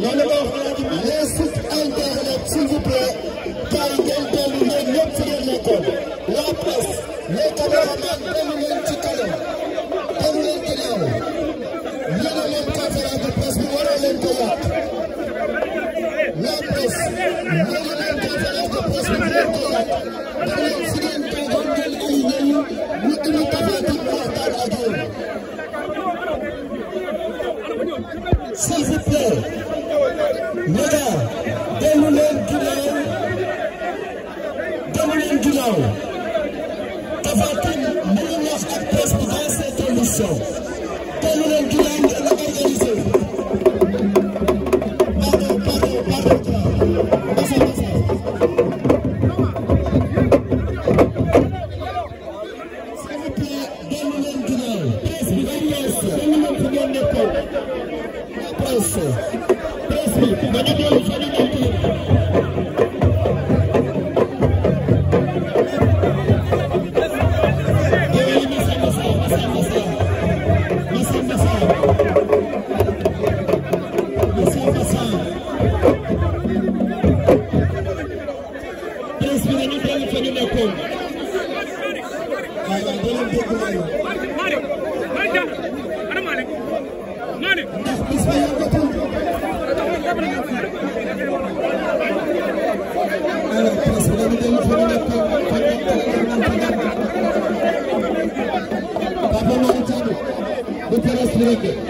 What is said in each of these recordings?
loolu la les sites internet s'il vous plaît tey ngeen dellu ngeen ñëpp fi ngeen nekkoon la presse les caméramans dellu leen ci kanam dellu leen ginnaaw yéen a leen conférence de presse bi waroon leen ko yàq la presse ne daa dellu leen ginnaaw dellu leen ginnaaw Tapha Tine mu ngi wax ak presse bi dans ses conditions dellu leen ginnaaw ngeen organiser pardon pardon pardon fa ñu nekkoon waaye waaye doo leen dégg waaye. ndax bis bi yàggatul. alors presse bi dañu dellu fa ñu nekkoon fa ñu nekkoon Papa Malick Thiandoum bu presse bi rek.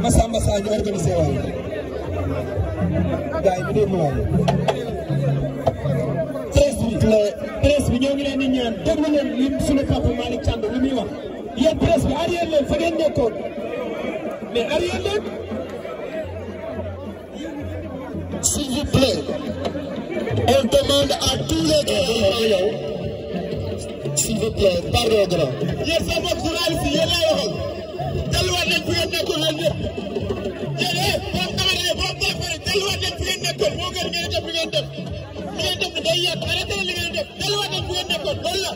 Masamba Sadio organisé waay gaay bi dégg nga waay presse bi ñoo ngi leen di ñaan déglu leen li suñu papa Malick Thiam li muy wax yéen presse bi arrière leen fa ngeen nekkoon mais arrière leen. s'il vous plaît on demande à tous les gars. s'il vous plaît pardon grand. yéen sama journaliste yi yéen laa waxoon. delluwaat leen fi ngeen nekkoon ne eh, boo xamante ne delluwaat leen day yàq arrêté leen li ngeen def delluwaat leen bu ngeen defoon loolu la